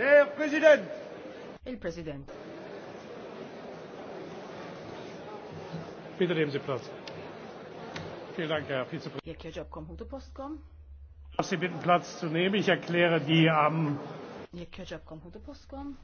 Il-President. il president Peter nehmen Sie Platz. Vielen Dank, Herr Vizepräsident. Jekk joġobkom ħudu postkom. Sie bitten Platz zu nehmen. Ich erkläre die am... Jekk joġobkom ħudu postkom.